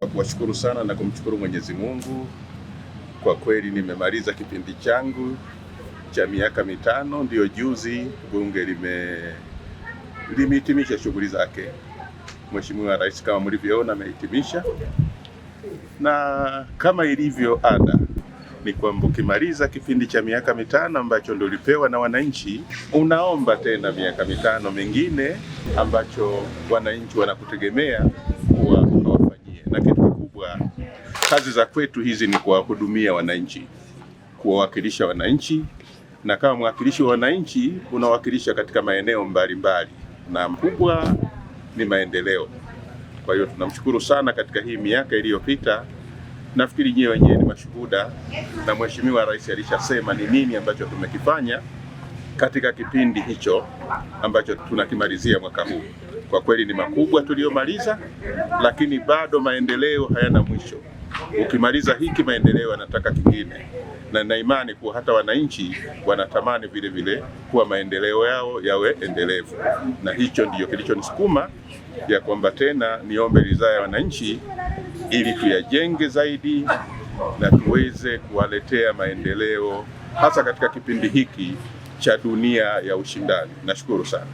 Kwa kuwashukuru sana na kumshukuru Mwenyezi Mungu, kwa kweli nimemaliza kipindi changu cha miaka mitano. Ndiyo juzi bunge lime limehitimisha shughuli zake. Mheshimiwa Rais kama mlivyoona amehitimisha, na kama ilivyo ada ni kwamba ukimaliza kipindi cha miaka mitano ambacho ndio ulipewa na wananchi, unaomba tena miaka mitano mingine ambacho wananchi wanakutegemea na kitu kikubwa, kazi za kwetu hizi ni kuwahudumia wananchi, kuwawakilisha wananchi, na kama mwakilishi wa wananchi unawakilisha katika maeneo mbalimbali mbali, na mkubwa ni maendeleo. Kwa hiyo tunamshukuru sana katika hii miaka iliyopita, nafikiri nyewe wenyewe ni mashuhuda, na Mheshimiwa Rais alishasema ni nini ambacho tumekifanya katika kipindi hicho ambacho tunakimalizia mwaka huu. Kwa kweli ni makubwa tuliyomaliza, lakini bado maendeleo hayana mwisho. Ukimaliza hiki, maendeleo yanataka kingine, na nina imani kuwa hata wananchi wanatamani vile vile kuwa maendeleo yao yawe endelevu, na hicho ndiyo kilichonisukuma ya kwamba tena niombe ridhaa ya wananchi ili tuyajenge zaidi na tuweze kuwaletea maendeleo hasa katika kipindi hiki cha dunia ya ushindani. Nashukuru sana.